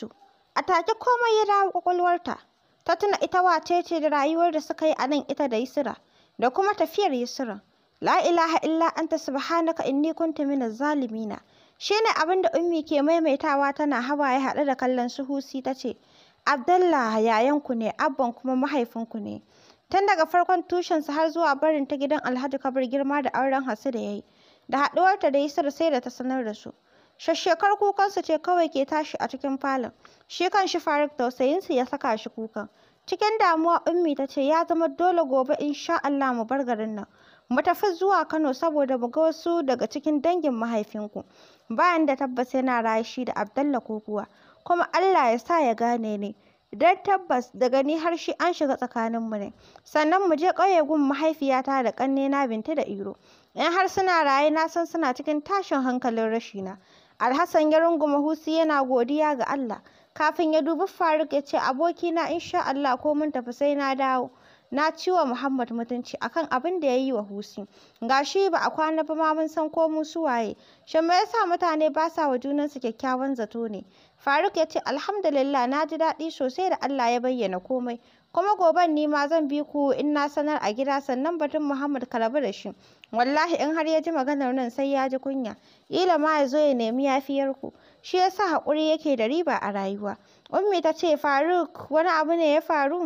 su. A take komai ya dawo kwakwalwarta, Ta tuna ita wace ce da rayuwar da suka yi a nan ita da Yusra, da kuma tafiyar Yusra. La ilaha illa anta subhanaka inni kuntu minaz zalimina. Shi ne abin da Ummi ke maimaitawa tana hawaye haɗe da kallon su Husi ta ce, yayan yayanku ne, abban kuma mahaifinku ne. Tun daga farkon tushensu har zuwa barin ta gidan Alhaji Kabir girma da auren Hasu da ya yi, da haɗuwarta da Yusra sai da ta sanar da su. Shashshekar kukansu ce kawai ke tashi a cikin falon. Shi kan kanshi tausayin tausayinsu ya saka shi kukan. Cikin damuwa Ummi ta ce ya zama dole gobe in sha Allah mu bar garin nan. Mu tafi zuwa Kano saboda mu ga wasu daga cikin dangin mahaifinku. Bayan da tabbas yana rashi da abdalla ko Kuma Allah ya sa ya gane ne. dan tabbas daga ni har shi an shiga tsakanin mu ne. Sannan mu je ƙauye gun mahaifiyata da ƙannena Binta da Iro. In har suna raye na san suna cikin tashin hankalin rashina. Alhassan ya runguma Husi yana godiya ga Allah. Kafin ya dubi Faruk ya ce abokina insha Allah ko mun tafi sai na dawo. Na ciwa Muhammad mutunci akan abin da ya yi wa Husi. shi ba a kwana ba ma mun san ko mu waye. Shin me yasa mutane ba sa wa junansu kyakkyawan zato ne? Faruk ya ce alhamdulillah na ji daɗi sosai da Allah ya bayyana komai. kuma goben ni ma zan bi ku in na sanar a gida sannan batun Muhammad ka rabu da shi wallahi in har ya ji maganar nan sai ya ji kunya Ila ma ya zo ya nemi yafiyar ku shi yasa hakuri yake da riba a rayuwa ummi ta ce Faruk wani abu ne ya faru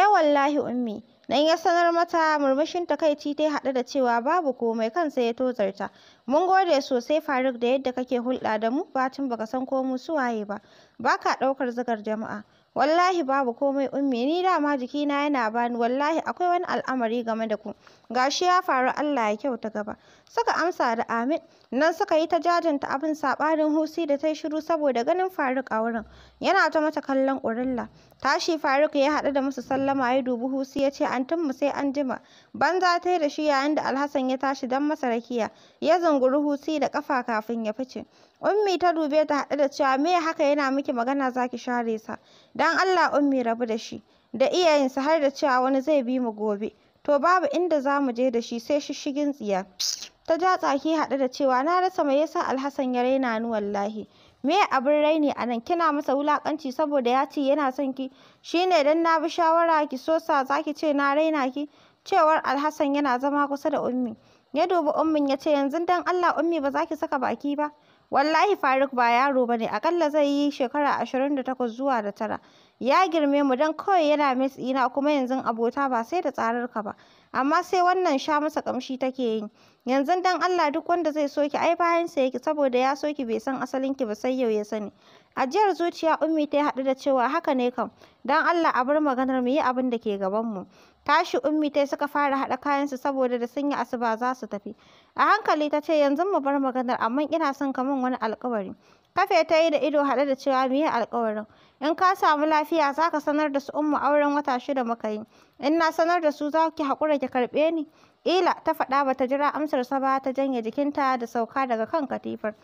eh wallahi ummi nan ya sanar mata murmushin takaici ta haɗu da cewa babu komai kansa ya tozarta mun gode sosai faruk da yadda kake hulɗa da mu bacin baka san ko mu waye ba baka ɗaukar zigar jama'a wallahi babu komai ummi ni dama jikina yana bani wallahi akwai wani al'amari game da ku gashi ya faru Allah ya kyauta gaba suka amsa da amin nan suka yi ta jajanta abin sabarin husi da ta shiru saboda ganin Faruk a wurin yana ta mata kallon ƙurilla tashi Faruk ya haɗu da musu sallama ya dubi husi ya ce an mu sai an jima banza ta da shi yayin da Alhassan ya tashi dan masa rakiya ya zunguri husi da kafa kafin ya fice Ummi ta dube ta haɗu da cewa me haka yana miki magana zaki share sa. dan Allah Ummi rabu da shi. Da iyayensa har da cewa wani zai bi mu gobe. To babu inda za mu je da shi sai shi shigin tsiya. Ta ja tsaki haɗe da cewa na rasa mai yasa Alhassan ya raina ni wallahi. Me abin raini a nan kina masa wulakanci saboda ya ce yana son ki shine dan na bi shawara ki so sa zaki ce na raina ki cewar Alhassan yana zama kusa da Ummi. Ya dubi Ummin ya ce yanzu dan Allah Ummi ba za ki saka baki ba. Wallahi Faruk ba yaro ba ne, Akalla zai yi shekara ashirin da takwas zuwa da tara. Ya girme mu dan kawai yana mis tsina kuma yanzu abota ba sai da tsararka ba. Amma sai wannan sha masa ƙamshi take yi. Yanzu dan Allah duk wanda zai so ki ai bayan bayansa yake saboda ya so ki bai san asalin ki ba sai yau ya sani. Ajiyar zuciya Ummi ta haɗu da cewa haka ne kam, don Allah a bar maganar mu yi abin da ke gaban mu Tashi Ummi ta suka fara haɗa su saboda da sun yi asuba za su tafi. A hankali ta ce yanzu mu bar maganar amma ina son ka min wani alƙawari. Kafe ta yi da ido haɗa da cewa mu yi alƙawarin. In ka samu lafiya za ka sanar da su Ummu auren wata shida muka yi. In na sanar da su za ki haƙura ki karɓe ni. Ila ta faɗa bata jira amsarsa ba ta janye jikinta da sauka daga kan katifar.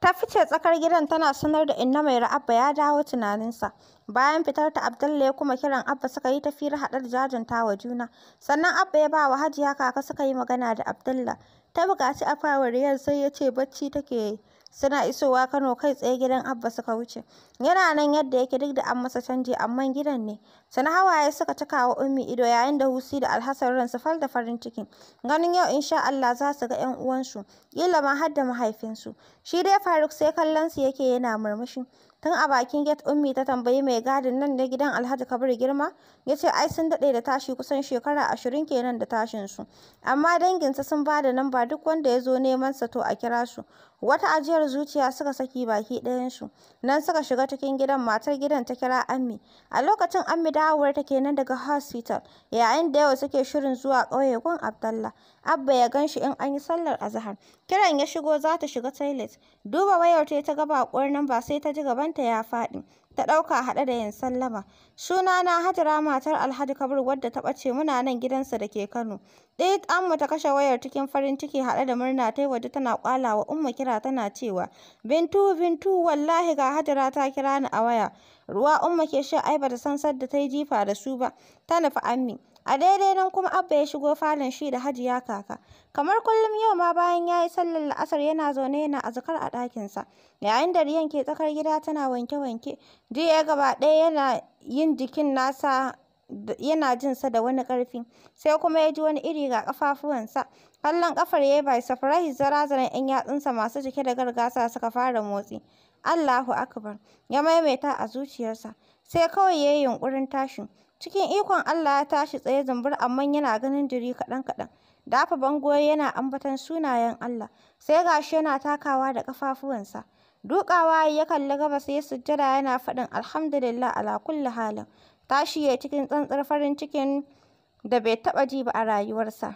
Ta fice tsakar gidan tana sanar da inna mai Abba ya dawo tunaninsa. Bayan fitar ta Abdalla ya kuma kiran Abba suka yi tafiyar haɗar jajanta wa juna. Sannan Abba ya ba wa Hajiya kaka suka yi magana da Abdalla. Ta buƙaci a fara sai ya ce bacci take yi. Suna isowa Kano kai tsaye gidan Abba suka wuce. Yana nan yadda yake duk da an masa canji amma gidan ne. Sana hawaye suka cika wa Ummi ido yayin da Husi da Alhassan ransu fal da farin ciki. Ganin yau insha Allah za su ga 'yan uwansu, kila ma har da mahaifinsu. Shi dai Faruk sai kallon su yake yana murmushi. Tun a bakin gate Ummi ta tambayi mai gadin nan da gidan Alhaji Kabir Girma, yace ai sun dade da tashi kusan shekara ashirin kenan da tashin su. Amma danginsa sun ba da namba duk wanda ya zo neman sa to a kira su. Wata ajiyar zuciya suka saki baki ɗayansu. Nan suka shiga cikin gidan matar gidan ta kira Ammi. A lokacin Ammi dawowar ta kenan daga hospital yayin da yau suke shirin zuwa ƙauye gun Abdallah. Abba ya gan shi in an yi sallar azahar. Kiran ya shigo za ta shiga toilet. Duba wayar ta ta ga ƙwarnan ba sai ta ji gabanta ya faɗi. ta ɗauka haɗe da yin sallama. suna na Hajara matar Alhaji Kabir wadda ta ɓace muna nan gidansa da ke Kano. Ɗaya Amma ta kashe wayar cikin farin ciki haɗe da murna ta yi waje tana wa Umma kira tana cewa Bintu Bintu wallahi ga Hajara ta kira ni a waya. Ruwa Umma ke sha ai bata san sadda ta yi jifa da su ba. Ta nufi Ammi. A daidai nan kuma Abba ya shigo falon shi da Hajiya Kaka. Kamar kullum yau ma bayan ya yi sallar la'asar yana zaune yana azkar a ɗakinsa. Yayin da Riyan ke tsakar gida tana wanke-wanke, jiya gaba ɗaya yana yin jikin nasa yana jin sa da wani ƙarfi. Sai kuma ya ji wani iri ga ƙafafuwansa. Kallon ƙafar ya yi by surprise zarazaran 'yan yatsunsa masu jike da gargasa suka fara motsi. Allahu Akbar! Ya maimaita a zuciyarsa. Sai kawai ya yi yunƙurin tashin. Cikin ikon Allah ya tashi tsaye zumbur amma yana ganin jiri kaɗan-kaɗan. Dafa bango yana ambaton sunayen Allah. Sai gashi yana takawa da ƙafafuwansa. Dukawa ya kalli gabas ya sujjada yana faɗin alhamdulillah ala kulli halin. Tashi ya cikin tsantsar farin cikin da bai taɓa ji ba a rayuwarsa.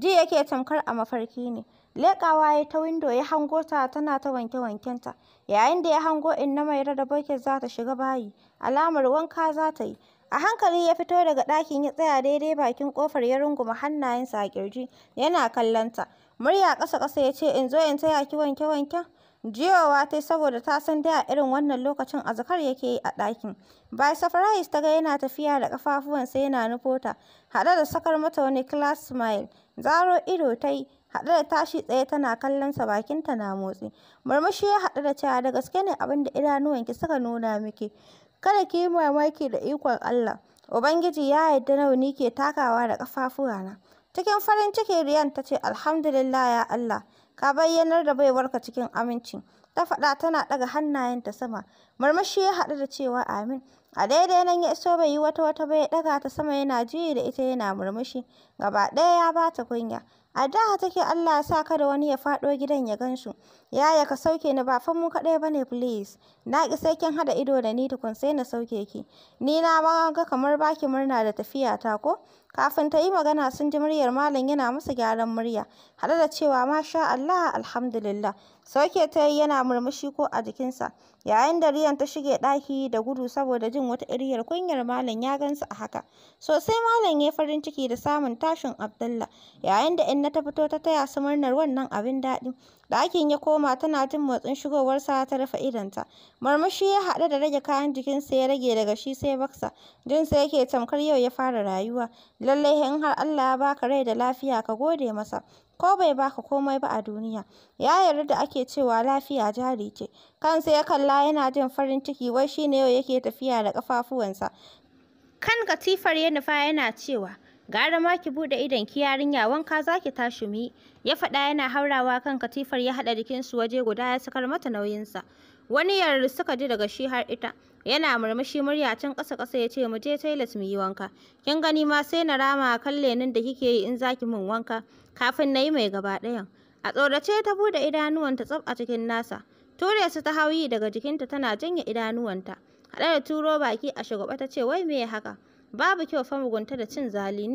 Ji yake tamkar a mafarki ne. Lekawa ya ta windo ya hango ta tana ta wanke-wankenta. Yayin da ya hango inna mai rada bakin za ta shiga bayi. Alamar wanka za ta yi. A hankali ya fito daga ɗakin ya tsaya daidai bakin kofar ya runguma hannayensa a ƙirji yana kallon ta. Murya ƙasa-ƙasa ya ce in zo in taya ki wanke-wanken? Jiyowa ta saboda ta san da a irin wannan lokacin a zakar yake yi a ɗakin. By surprise ta ga yana tafiya da ƙafafuwansa yana nufo ta, haɗe da sakar mata wani class smile. Zaro ido ta yi, haɗe da tashi tsaye tana kallon bakinta na motsi. Murmushi ya haɗu da cewa da gaske ne abin da idanuwanki suka nuna miki. Kada ki yi mamaki da ikon Allah, Ubangiji ya yarda nawa ni ke takawa da ƙafafuwana. Cikin farin ciki riyan ta ce, Alhamdulillah ya Allah, ka bayyanar da baiwarka cikin aminci. Ta faɗa tana ɗaga hannayenta sama. Murmushi ya haɗu da cewa amin. A daidai nan ya iso bai yi wata wata bai ya ɗaga ta sama yana ji da ita yana murmushi. Gaba ɗaya ya bata kunya. A da take Allah ya sa da wani ya faɗo gidan ya gan su. Yaya ka sauke ni ba fan mu kaɗai bane please. Na ki sai kin haɗa ido da ni tukun sai na sauke ki. Ni na ma ga kamar baki murna da tafiya ta ko? Kafin ta yi magana sun ji muryar malam yana musu gyaran murya, haɗe da cewa Masha Allah, Alhamdulillah. Sauke ta yi yana murmushi ko a jikinsa, yayin da Riyan ta shige ɗaki da gudu saboda jin wata iriyar kunyar malam ya gansu a haka. Sosai malam ya farin ciki da samun tashin Abdullah, yayin da in na ta fito ta taya su murnar wannan abin daɗi. Ɗakin ya koma tana jin motsin shigowarsa ta rufe idonta. marmashi ya haɗu da rage kayan jikinsa ya rage daga shi sai baksa. Jinsa yake tamkar yau ya fara rayuwa. Lallai in har Allah ya baka rai da lafiya ka gode masa. ko bai baka komai ba a duniya ya yarda da ake cewa lafiya jari ce kansa ya kalla yana jin farin ciki wai shine yau yake tafiya da kafafuwansa kan katifar ya nufa yana cewa gara ma ki buɗe idon ki yarinya wanka zaki tashi mu ya faɗa yana haurawa kan katifar ya haɗa su waje guda ya sakar mata nauyin sa wani yarda suka ji daga shi har ita yana murmushi murya can kasa-kasa ya ce mu je toilet mu yi wanka kin gani ma sai na rama kan lenin da kike yi in zaki mun wanka kafin nayi mai gaba ɗayan a tsorace ta buɗe idanuwanta tsaf a cikin nasa ture su ta hauyi daga jikinta tana janye idanuwanta hada da turo baki a shugaba ta ce wai me haka babu kyau fa mugunta da cin zali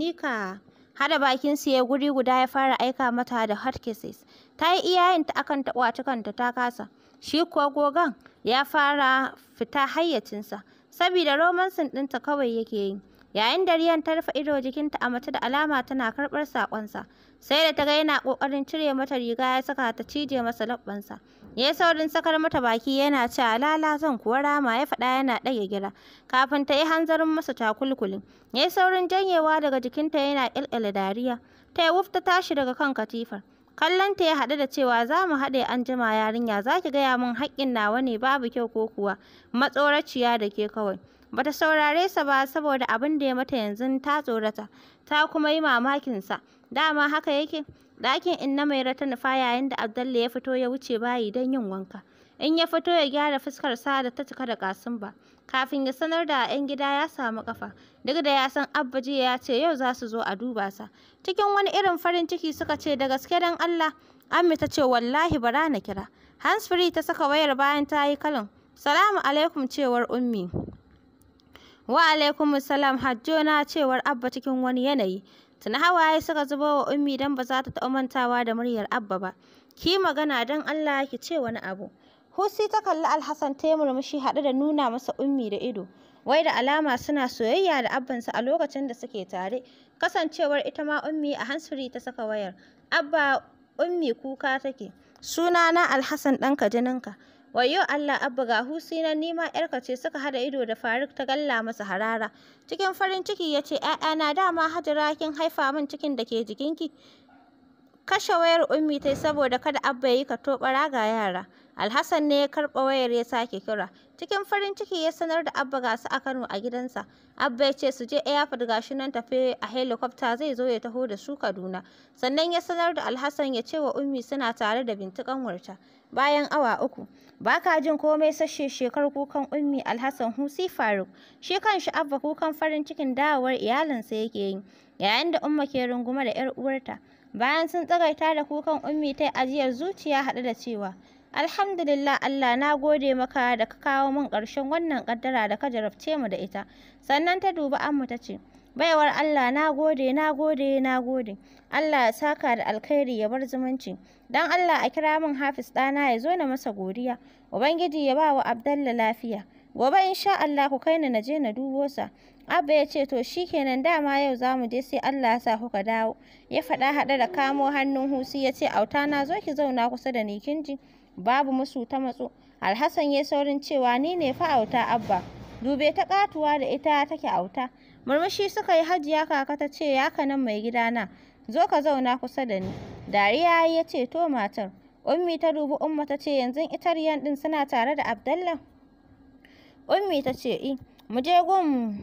hada bakin su ya guri guda ya fara aika mata da hot cases ta yi iyayen ta akan taɓa kanta ta kasa shi kuwa gogan ya fara fita hayyacinsa saboda romansin ɗinta kawai yake yi Yayin da Riyan ta rufe ido jikinta a mace da alama tana karɓar saƙonsa, sai da ta ga yana ƙoƙarin cire mata riga ya saka ta cije masa labbansa. Ya saurin sakar mata baki yana ce lala zan kuwa rama ya faɗa yana ɗage gira, kafin ta yi hanzarin masa takulkulin. Ya saurin janyewa daga jikinta yana ƙyalƙyala dariya. Ta yi wuf tashi daga kan katifar. Kallon ta ya haɗu da cewa za mu haɗe an jima yarinya za ki gaya min haƙƙin nawa ne babu kyau ko kuwa matsoraciya da ke kawai Bata saurare sa ba saboda abin da ya mata yanzu ta tsorata, ta kuma yi mamakin sa. Dama haka yake, ɗakin inna mai ta nufa yayin da Abdalla ya fito ya wuce bayi don yin wanka. In ya fito ya gyara fuskar sa da ta cika da ba. Kafin ya sanar da 'yan gida ya samu kafa, duk da ya san Abba jiya ya ce yau za su zo a duba sa. Cikin wani irin farin ciki suka ce da gaske dan Allah, Ammi ta ce wallahi bara na kira. free ta saka wayar bayan ta yi kalan. Salamu alaikum cewar Ummi. Wa alaikum Hajjo na cewar Abba cikin wani yanayi. Tuna hawaye suka zubo wa Ummi don ba za ta taɓa mantawa da muryar Abba ba. Ki magana don Allah ki ce wani abu. Husi ta kalli Alhassan ta yi murmushi haɗu da nuna masa Ummi da ido. Wai da alama suna soyayya da abbansa a lokacin da suke tare. Kasancewar ita ma Ummi a hansiri ta saka wayar. Abba Ummi kuka take. Suna na Alhassan ɗanka jininka. yau Allah Abba ga Husina ni ma ‘yarka ce suka hada ido da Faruk ta galla masa harara. Cikin farin ciki ya ce ‘ya'yana dama Hajara kin haifa min cikin da ke jikinki. Kashe wayar ummi tai saboda kada Abba ya yi ka tobara ga yara. Alhassan ne ya karɓa wayar ya sake kira. Cikin farin ciki ya sanar da Abba gasu a Kano a gidansa. Abba ya ce su je airport ga nan tafe a helicopter zai zo ya taho da su Kaduna. Sannan ya sanar da Alhassan ya ce wa Ummi suna tare da bintikan warta. Bayan awa uku, ba ka jin komai sashe shekar kukan Ummi Alhassan Husi Faruk. Shi kanshi Abba kukan farin cikin dawowar iyalinsa yake yi. Yayin da Umma ke runguma da 'yar uwarta. Bayan sun tsagaita da kukan Ummi ta ajiyar zuciya haɗe da cewa Alhamdulillah Allah na gode maka da ka kawo min ƙarshen wannan ƙaddara da ka jarabce mu da ita. Sannan ta dubi Ammu ta ce, Baiwar Allah na gode, na gode, na gode. Allah ya saka da alkhairi ya bar zumunci. Don Allah a kira min Hafiz ɗana ya zo na masa godiya. Ubangiji ya ba wa Abdalla lafiya. Gobe in sha Allah ku kai ni na je na dubo sa. Abba ya ce to shi kenan dama yau za mu je sai Allah ya sa kuka dawo. Ya faɗa haɗe da kamo hannun Husi ya ce auta na zo ki zauna kusa da ni kin ji. babu musu ta matsu. alhassan ya saurin cewa ni ne fa auta abba dube ta katuwa da ita take auta murmushi suka yi hajiya kaka ta ce ya kanan mai na? zo ka zauna kusa da ni dariya ya ce to matar ummi ta dubi umma ta ce yanzu itariyan din suna tare da abdallah ummi ta ce i eh. mu je gun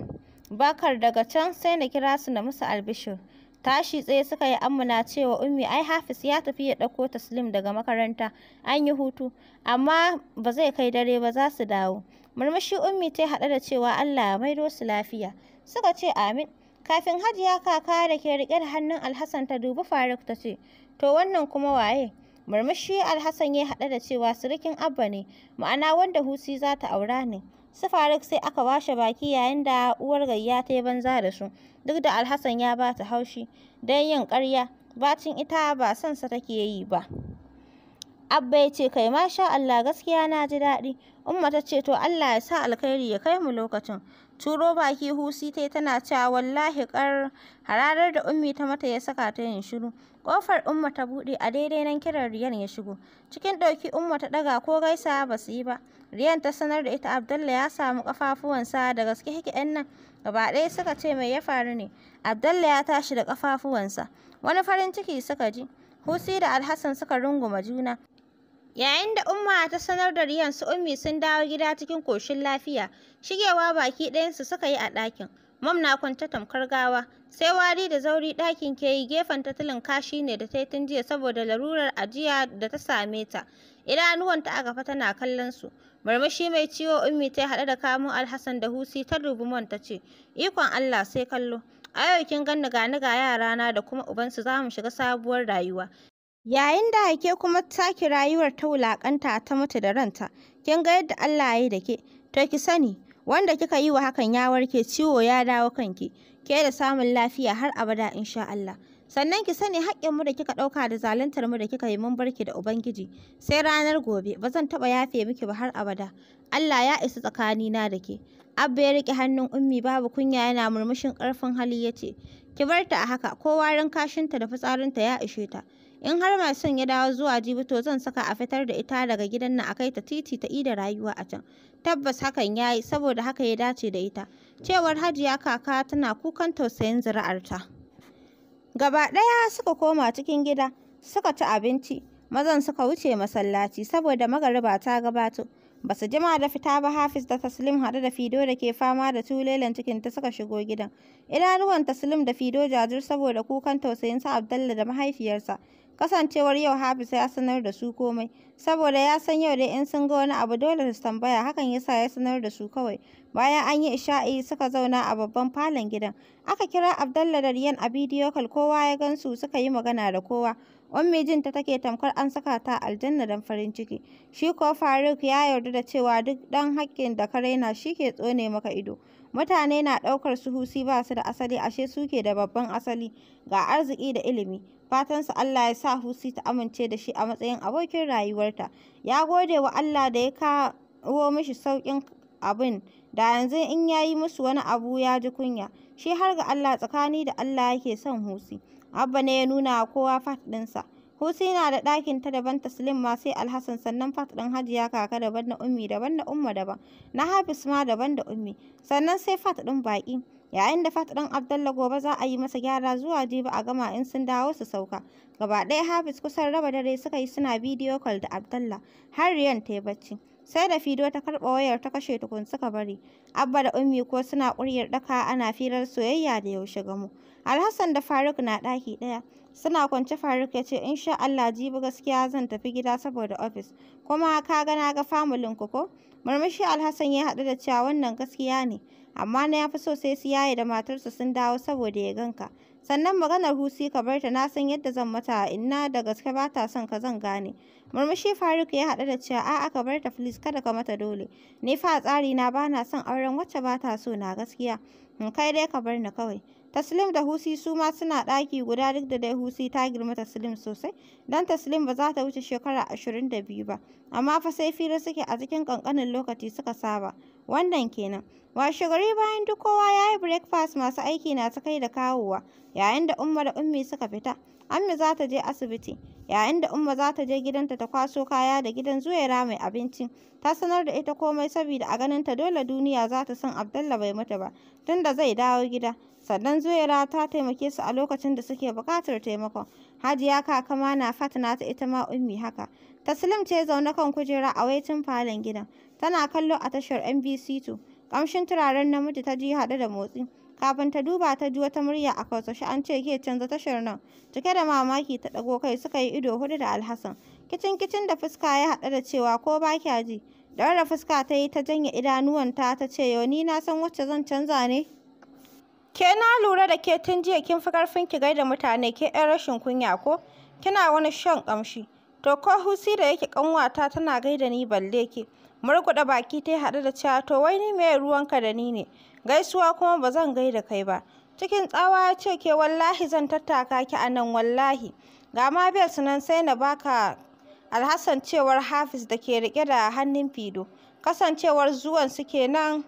bakar daga can sai na kira su na musu albishir Tashi tsaye suka yi amuna cewa Ummi ai Hafiz ya tafi ya ɗauko Taslim daga makaranta, an yi hutu, amma ba zai kai dare ba za su dawo. Murmushi Ummi ta haɗa da cewa Allah ya maido su lafiya. Suka ce amin. Kafin Hajiya kaka da ke riƙe da hannun Alhassan ta dubi Faruk ta ce, To wannan kuma waye? Murmushi Alhassan ya haɗa da cewa "Sirikin Abba ne, ma'ana wanda Husi za ta aura ne. su Faruk sai aka washe baki yayin da uwar gayya ta yi banza da su, duk da Alhassan ya ba ta haushi don yin karya bacin ita ba son sa take yi ba. Abba ya ce kai masha Allah gaskiya na ji daɗi, Umma ta ce to Allah ya sa alkhairi ya kai mu lokacin, Turo baki Husi ta tana cewa wallahi kar hararar da ummi ta mata ya saka ta yin shiru. Ƙofar umma ta buɗe a daidai nan kiran Riyan ya shigo. Cikin ɗauki umma ta ɗaga ko gaisa ba su yi ba. Riyan ta sanar da ita Abdalla ya samu kafafuwansa da gaske hiki ‘yan nan. Gaba ɗaya suka ce mai ya faru ne. Abdalla ya tashi da kafafuwansa. Wani farin ciki suka ji. Husi da Alhassan suka runguma juna. Yayin da Umma ta sanar da Riyan su Ummi sun dawo gida cikin koshin lafiya, shigewa baki ɗayansu suka yi a ɗakin. Mam na kwanta tamkar gawa, sai wari da zauri ɗakin ke yi gefen tattalin kashi ne da ta yi tun jiya saboda larurar ajiya da ta same ta. Idanuwanta a gaba tana kallon su. Murmushi mai ciwo Ummi ta yi haɗe da kamun Alhassan da Husi ta dubi man ta ce, Ikon Allah sai kallo. A yau kin ganni ga ni ga yarana da kuma ubansu za mu shiga sabuwar rayuwa. Yayin da haike kuma ta ki rayuwar ta wulakanta ta mutu da ranta, kin ga yadda Allah ya yi da ke, to ki sani, wanda kika yi wa hakan ya warke ciwo ya dawo kanki, ke da samun lafiya har abada insha Allah. sannan ki sani mu da kika ɗauka da zaluntar mu da kika yi mun barki da Ubangiji sai ranar gobe ba zan taɓa yafe miki ba har abada Allah ya isa tsakanina da ke Abba ya riƙe hannun ummi babu kunya yana murmushin ƙarfin hali ya ce ki barta a haka Kowa, warin kashinta da fitsarinta ya ishe ta in har mashin ya dawo zuwa jibi to zan saka a fitar da ita daga gidan nan a kai ta titi ta ida rayuwa a can tabbas hakan ya yi saboda haka ya dace da ita cewar hajiya kaka tana kukan tausayin zuri'arta gaba ɗaya suka koma cikin gida suka ci abinci mazan suka wuce masallaci saboda magariba ta gabato ba su jima da fita ba hafiz da taslim hada da fido da ke fama da tulelen cikin ta suka shigo gidan idanuwan taslim da fido jajir saboda kukan tausayin sa abdalla da mahaifiyarsa Kasancewar yau Hafiz ya sanar da su komai, saboda ya san yau dai in sun ga wani abu dole su tambaya, hakan yasa ya sanar da su kawai. Bayan an yi isha'i suka zauna a babban falon gidan. Aka kira Abdallah da Riyan a bidiyo kal kowa ya gansu suka yi magana da kowa. Ummi jin ta take tamkar an saka ta aljanna dan farin ciki. Shi ko Faruk ya yarda da cewa duk ɗan haƙƙin da ka raina shi ke tsone maka ido. Mutane na ɗaukar su Husi ba su da asali, ashe su ke da babban asali ga arziki da ilimi. Fatan su Allah ya sa Husi ta amince da shi a matsayin abokin rayuwarta. Ya gode wa Allah da ya kawo mishi sauƙin abin da yanzu in ya yi musu wani abu ya ji kunya. Shi har ga Allah tsakani da Allah yake son Husi. Abba ne ya nuna kowa fat ɗinsa. na da ɗakin ta daban Taslim ma sai Alhassan sannan Fat ɗin Hajiya kaka daban na Ummi daban na Umma daban na Hafiz ma daban da Ummi sannan sai Fat ɗin baƙi yayin da Fat ɗin Abdalla gobe za a yi masa gyara zuwa jibi a gama in sun dawo su sauka gaba ɗaya Hafiz kusan raba dare suka yi suna bidiyo kwal da Abdalla har Riyan ta yi bacci sai da Fido ta karɓa wayar ta kashe tukun suka bari Abba da Ummi ko suna ƙuryar ɗaka ana firar soyayya da yaushe gamo Alhassan da Faruk na ɗaki ɗaya Suna kwance Faruk ya ce in sha Allah jibi gaskiya zan tafi gida saboda ofis. Kuma ka ga na ga famulin ku ko? Murmushi Alhassan ya haɗu da cewa wannan gaskiya ne. Amma na ya fi so sai su yaye da matarsa sun dawo saboda ya ganka. Sannan maganar husi ka bar ta na san yadda zan mata inna da gaske ba ta son ka zan gane. Murmushi Faruk ya haɗu da cewa a'a ka bar ta please kada ka mata dole. Ni fa tsari na bana son auren wacce ba ta so na gaskiya. In kai dai ka bar ni kawai. Taslim da Husi su ma suna ɗaki guda duk da dai Husi ta girma Taslim sosai, don Taslim ba za ta wuce shekara ashirin da biyu ba, amma fa sai fira suke a cikin ƙanƙanin lokaci suka saba. Wannan kenan. shigari bayan duk kowa ya yi breakfast masu aiki na ta kai da kawowa, yayin da Umma da Ummi suka fita. Ammi za ta je asibiti, yayin da Umma za ta je gidanta ta kwaso kaya da gidan zuyara mai abinci. Ta sanar da ita komai saboda a ganinta dole duniya za ta san abdullah bai mutu ba, tunda zai dawo gida. sannan zuwaira ta taimake su a lokacin da suke buƙatar taimakon hajiya kakama na fatana ta ita ma ummi haka taslim ce zaune kan kujera a waitin falon gidan tana kallo a tashar nbc2 kamshin turaren namiji ta ji haɗu da motsi kafin ta duba ta ji wata murya a shi an ce ke canza tashar nan cike da mamaki ta ɗago kai suka yi ido hudu da alhassan kicin kicin da fuska ya haɗu da cewa ko ba kya ji da fuska ta yi ta janya idanuwanta ta ce yau ni na san wacce zan canza ne Ke na lura da ke tun jiya kin fi ƙarfin ki gaida mutane ke 'yan rashin kunya ko? Kina wani shan ƙamshi. To ko husi da yake ƙanwata tana gaida ni balle ke. Murguɗa baki ta yi haɗu da cewa to wai ni meye ruwanka da ni ne. Gaisuwa kuma ba zan gaida kai ba. Cikin tsawa ya ce ke wallahi zan tattaka ki a nan wallahi. Ga ma bel nan sai na baka alhassan cewar Hafiz da ke riƙe da hannun Fido. Kasancewar zuwan su nan.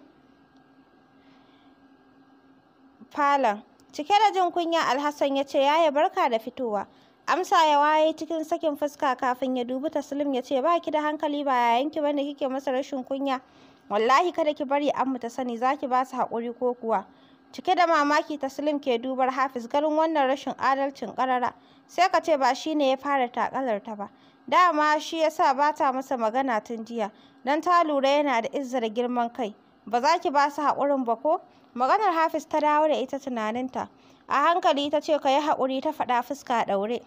falon. Cike da jin kunya Alhassan ya ce yaya barka da fitowa. Amsa ya waye cikin sakin fuska kafin ya dubi Taslim ya ce ba ki da hankali ba yayanki ki bane kike masa rashin kunya. Wallahi kada ki bari amma ta sani zaki ba su haƙuri ko kuwa. Cike da mamaki Taslim ke dubar Hafiz garin wannan rashin adalcin ƙarara. Sai ka ce ba shi ne ya fara takalar ta ba. Dama shi ya sa ba ta masa magana tun jiya. dan ta lura yana da izzar girman kai. Ba za ki ba su haƙurin ba ko? Maganar Hafiz ta dawo da ita tunaninta. A hankali ta ce ka yi haƙuri ta faɗa fuska a ɗaure.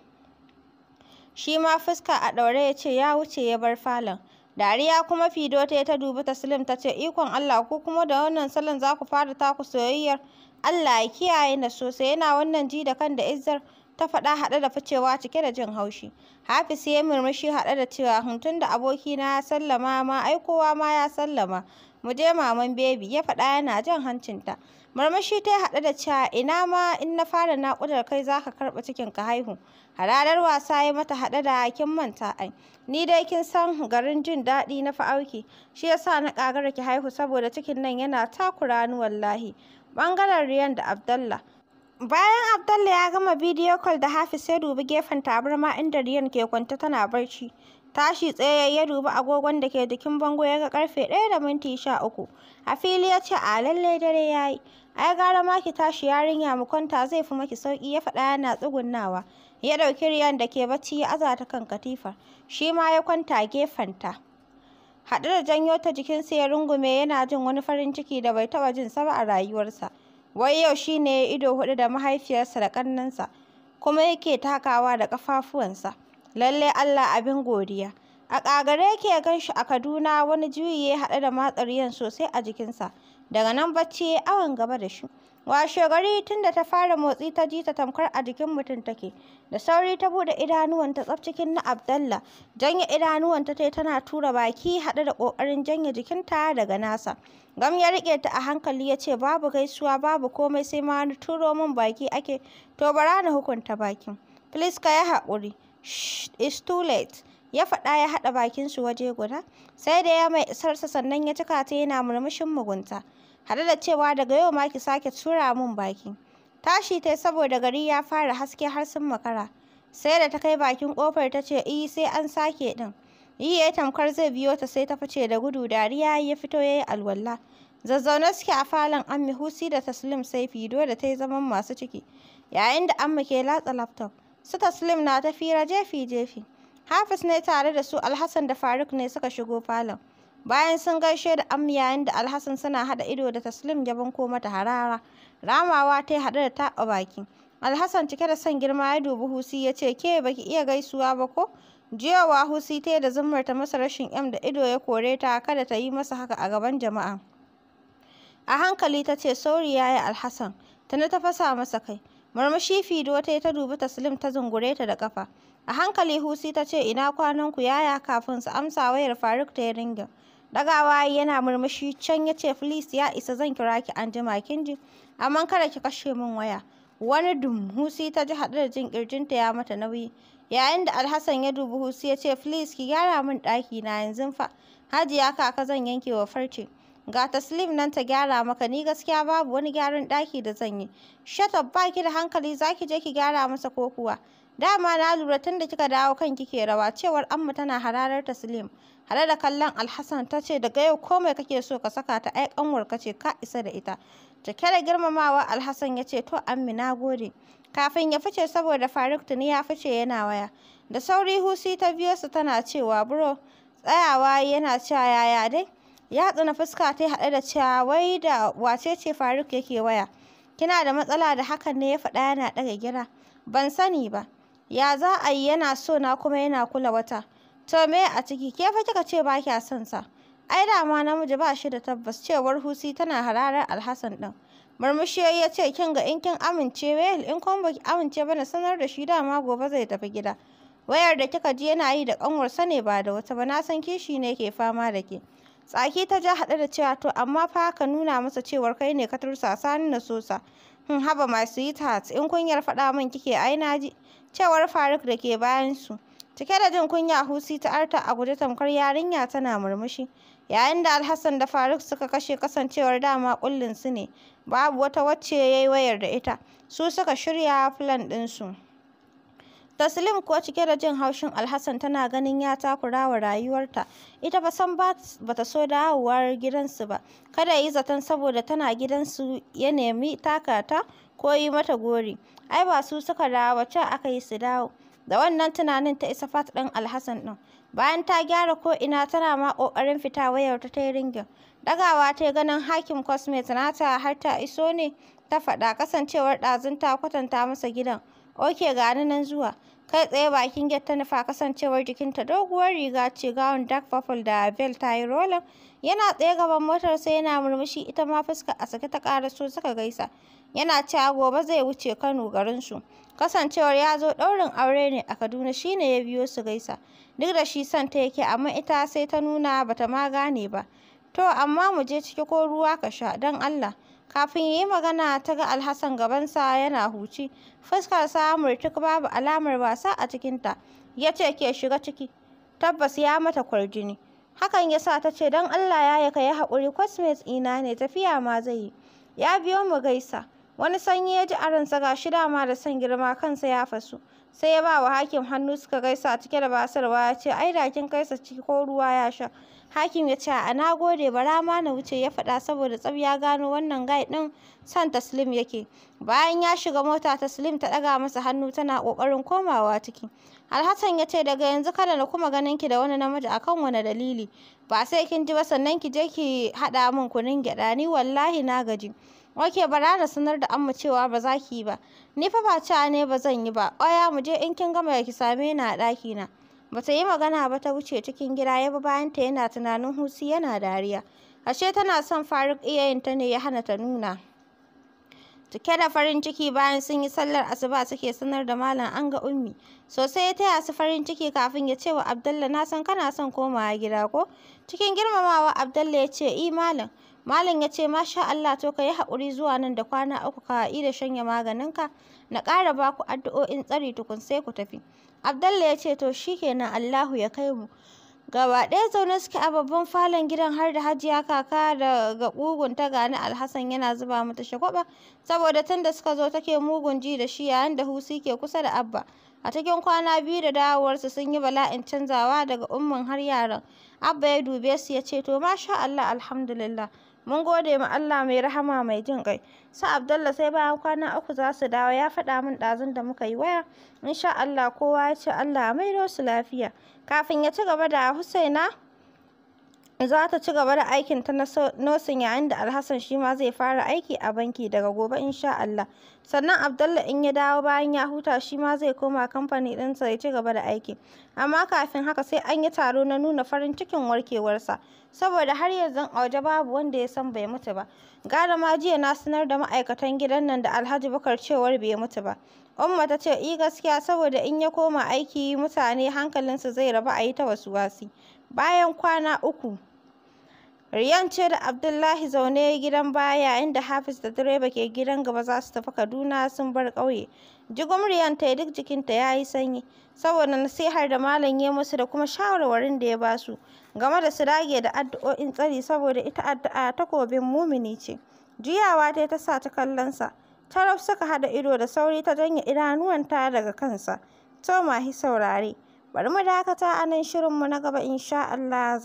Shi ma fuska a ɗaure ya ce ya wuce ya bar falon. Dariya kuma Fido ta ta dubi Taslim ta ce ikon Allah ko kuma da wannan salon za ku fara taku soyayyar Allah ya kiyaye na sosai yana wannan ji da kan da Izzar ta faɗa haɗe da ficewa cike da jin haushi. Hafiz ya murmushi haɗe da cewa tun da abokina ya sallama ma aikowa ma ya sallama mu je maman bebi ya faɗa yana jan hancinta Marmashi ta haɗu da cewa ina ma in na fara naƙudar kai zaka karba cikin ka haihu halalar wasa ya mata haɗu da kin manta ai ni dai kin san garin jin daɗi na fa'auki shi yasa na ƙagara ki haihu saboda cikin nan yana takura ni wallahi ɓangaren riyan da abdallah Bayan Abdallah ya gama bidiyo kwal da hafi sai dubi gefen tabarma inda Riyan ke kwance tana barci. Tashi tsaye ya dubi agogon da ke jikin bango ya ga karfe ɗaya da minti sha uku. A fili ya ce a lalle dare ya yi. Ai gara ma ki tashi yarinya mu kwanta zai fi maki sauki ya faɗa yana tsugunnawa. Ya ɗauki riyan da ke bacci ya aza ta kan katifa. Shi ma ya kwanta gefenta. Haɗe da janyo ta jikinsa ya rungume yana jin wani farin ciki da bai taɓa jin sa a rayuwarsa. Wai yau shi ne ya ido hudu da mahaifiyarsa da ƙannensa kuma yake takawa da ƙafafuwansa. Lallai Allah abin godiya. A ƙagare yake ganshi gan shi a Kaduna wani juyi ya haɗe da matsar yin sosai a jikinsa. Daga nan bacci ya awon gaba da shi. Washegari tun da ta fara motsi ta ji ta tamkar a jikin mutum take. Da sauri ta buɗe idanuwanta tsaf cikin na Abdallah. Janye idanuwanta ta tana tura baki haɗe da ƙoƙarin janye jikinta daga nasa. Gam ya riƙe ta a hankali ya ce babu gaisuwa babu komai sai ma wani turo min baki ake to bara na hukunta bakin. Please ka yi haƙuri. it's too late. Ya faɗa ya haɗa bakinsu waje guda, sai da ya mai isarsa sannan ya cika ta yana murmushin mugunta, haɗe da cewa daga yau ma ki sake tura min baki. Tashi ta saboda gari ya fara haske har sun makara, sai da ta kai bakin kofar ta ce i eh, sai an sake ɗin. Yi ya tamkar zai biyo ta sai ta fice da gudu dariya ya fito ya yi alwala. Zazzaune suke a falon Ammi Husi da Taslim sai Fido da ta yi zaman masu ciki, yayin da Amma ke latsa laptop. su taslim na ta fira jefi-jefi hafiz ne tare da su alhassan da faruk ne suka shigo falon bayan sun gaishe da am yayin da alhassan suna hada ido da taslim ya banko mata harara ramawa ta yi haɗu da taɓa baki alhassan cike da son girma ya dubi husi ya ce ke baki iya gaisuwa ba ko jiyawa husi ta da ta masa rashin yam da ido ya kore ta kada ta yi masa haka a gaban jama'a a hankali ta ce sauri ya yi alhassan tana ta fasa masa kai Murmushi Fido ta yi ta dubi Taslim ta zungure ta da ƙafa. A hankali Husi ta ce ina kwananku yaya kafin su amsa wayar Faruk ta yi ringin. Dagawa yana murmushi can ya ce Felis ya isa zan kira ki an jima kin ji amma kada ki kashe min waya. Wani dum Husi ta ji haɗu da jin ƙirjinta ya mata nauyi. Yayin da Alhassan ya dubi Husi ya ce Felis ki gyara min ɗaki na yanzu fa Hajiya kaka zan yanke wa farce. ga ta taslim nan ta gyara maka ni gaskiya babu wani gyaran ɗaki da zan yi shut up baki da hankali zaki je ki gyara masa ko kuwa dama na lura tun da kika dawo kan kike rawa cewar amma tana hararar taslim hare da kallon alhassan ta ce daga yau komai kake so ka saka ta ai kanwarka ce ka isa da ita cike da girmamawa alhassan ya ce to ammi na gode kafin ya fice saboda faruk tuni ya fice yana waya da sauri husi ta biyo su tana cewa bro tsayawa yana cewa yaya dai ya tsana fuska ta haɗe da cewa wai da wace ce Faruk yake waya kina da matsala da hakan ne ya faɗa yana ɗaga gira ban sani ba ya za a yi yana so na kuma yana kula wata to me a ciki ke fa kika ce ba kya son sa ai da ma namiji ba shi da tabbas cewar husi tana hararar alhasan din murmushi ya ce kin ga in kin amince well in kuma baki amince ba na sanar da shi dama gobe zai tafi gida wayar da kika ji yana yi da kanwarsa ne ba da wata ba na san kishi ne ke fama da ke tsaki ta ja haɗe da cewa to amma fa ka nuna masa cewar kai ne ka tursa sani na sosa hin hmm, haba my sweetheart in kunyar faɗa min kike ai na ji cewar faruk da ke bayan su cike da jin kunya husi ta arta a guje tamkar yarinya tana murmushi yayin da alhassan da faruk suka kashe kasancewar dama kullin su ne babu wata wacce ya wayar da ita su suka shirya filan ɗinsu Taslim ko cike da jin haushin Alhassan tana ganin ya takura wa rayuwarta. Ita ba san ba ta so dawowar gidansu ba. Kada yi zaton saboda tana gidansu ya nemi takata ko yi mata gori. Ai ba su suka dawo ba can aka yi su dawo. Da wannan tunanin ta isa fat ɗin Alhassan ɗin. Bayan ta gyara ko ina tana ma ƙoƙarin fita wayar ta yi ringin. dagawa ta ganin hakim Cosmate nata har ta iso ne ta faɗa kasancewar ɗazun ta kwatanta masa gidan. Oke gani nan zuwa. Kai tsaye bakin get ta nufa kasancewar jikinta doguwar riga ce gawon dark purple da bel ta yi rolling. Yana tsaye gaban motar sai yana murmushi ita ma fuska a sake ta so suka gaisa. Yana cewa gobe zai wuce Kano garinsu. Kasancewar ya zo ɗaurin aure ne a Kaduna shine ya biyo su gaisa. Duk da shi son ta yake amma ita sai ta nuna bata ma gane ba. To amma mu je ciki ko ruwa ka sha don Allah. Kafin ya yi magana ta ga Alhassan gabansa yana huci, fuskarsa murtuk babu alamar wasa a cikinta. Ya ce ke shiga ciki, tabbas ya mata kwarjini. Hakan ya sa ta ce don Allah ya ka yi haƙuri kwasmet ina ne tafiya ma zai yi. Ya biyo mu gaisa. Wani sanyi ya ji a ransa ga shi dama da san girma kansa ya fasu. Sai ya ba wa hakim hannu suka gaisa cike da basarwa ya ce ai da kin gaisa ciki ko ruwa ya sha. Hakim ya ce a'a na gode bara ma na wuce ya faɗa saboda tsab ya gano wannan gai ɗin son Taslim yake. Bayan ya shiga mota Taslim ta ɗaga masa hannu tana ƙoƙarin komawa ciki. Alhassan ya ce daga yanzu kada na kuma ganin ki da wani namiji akan wani dalili. Ba sai kin ji ba sannan ki je ki haɗa min kunun gyaɗa ni wallahi na gaji. Oke bara na sanar da amma cewa ba za ki yi ba. Ni fa ba ne ba zan yi ba. Oya mu je in kin gama ki same ni a na. Ba ta yi magana ba ta wuce cikin gida ya bi bayanta yana tunanin Husi yana dariya. Ashe tana son Faruk ta ne ya hana ta nuna. Cike da farin ciki bayan sun yi sallar asuba suke sanar da malam an ga ummi. Sosai ya taya su farin ciki kafin ya ce wa Abdullahi na san kana son komawa gida ko? Cikin girmamawa Abdullahi ya ce i eh, malam. Malam ya ce masha Allah to ka yi haƙuri zuwa nan da kwana uku ka da shanya maganinka. na ƙara ba ku addu'o'in tsari tukun sai ku tafi abdallah ya ce to shi kenan allahu ya kai mu gaba ɗaya zaune suke a babban falon gidan har da hajiya kaka daga ƙugun ta gani alhassan yana zuba mata shagwaba saboda tun da suka zo take mugun ji da shi yayin da husi ke kusa da abba a cikin kwana biyu da dawowarsu sun yi bala'in canzawa daga ummin har yaran abba ya dube su ya ce to masha allah alhamdulillah Mun gode ma Allah mai rahama mai jin kai Sa Abdalla sai bayan kwana uku za su dawo ya faɗa min ɗazun da muka yi waya. Insha Allah kowa ya ce Allah mai su lafiya. Kafin ya ci gaba da Husaina za ta ci gaba da aikin ta na nosin yayin da Alhassan shi ma zai fara aiki a banki daga gobe insha Allah. Sannan Abdallah in ya dawo bayan ya huta shi ma zai koma kamfani dinsa ya ci gaba da aiki. Amma kafin haka sai an yi taro na nuna farin cikin warkewarsa. Saboda har yanzu a waje babu wanda ya san bai mutu ba. Gara ma jiya na sanar da ma'aikatan gidan nan da Alhaji Bukar cewar bai mutu ba. Umma ta ce i eh, gaskiya saboda in ya koma aiki mutane hankalinsu zai rabu a yi ta wasu wasi. Bayan kwana uku, riyan ce da Abdullahi zaune gidan baya yayin da Hafiz da direba ke gidan gaba za su tafi Kaduna sun bar ƙauye. Jigum riyan ta duk jikinta ya yi sanyi saboda nasihar da malam ya musu da kuma shawarwarin da ya ba su game da su dage da addu'o'in tsari saboda ita addu'a takobin mumini ce. Juyawa ta ta sa ta kallon sa. Taraf suka haɗa ido da sauri ta janye idanuwanta daga kansa. Toma hi saurare. Bari mu dakata a nan shirinmu na gaba insha Allah.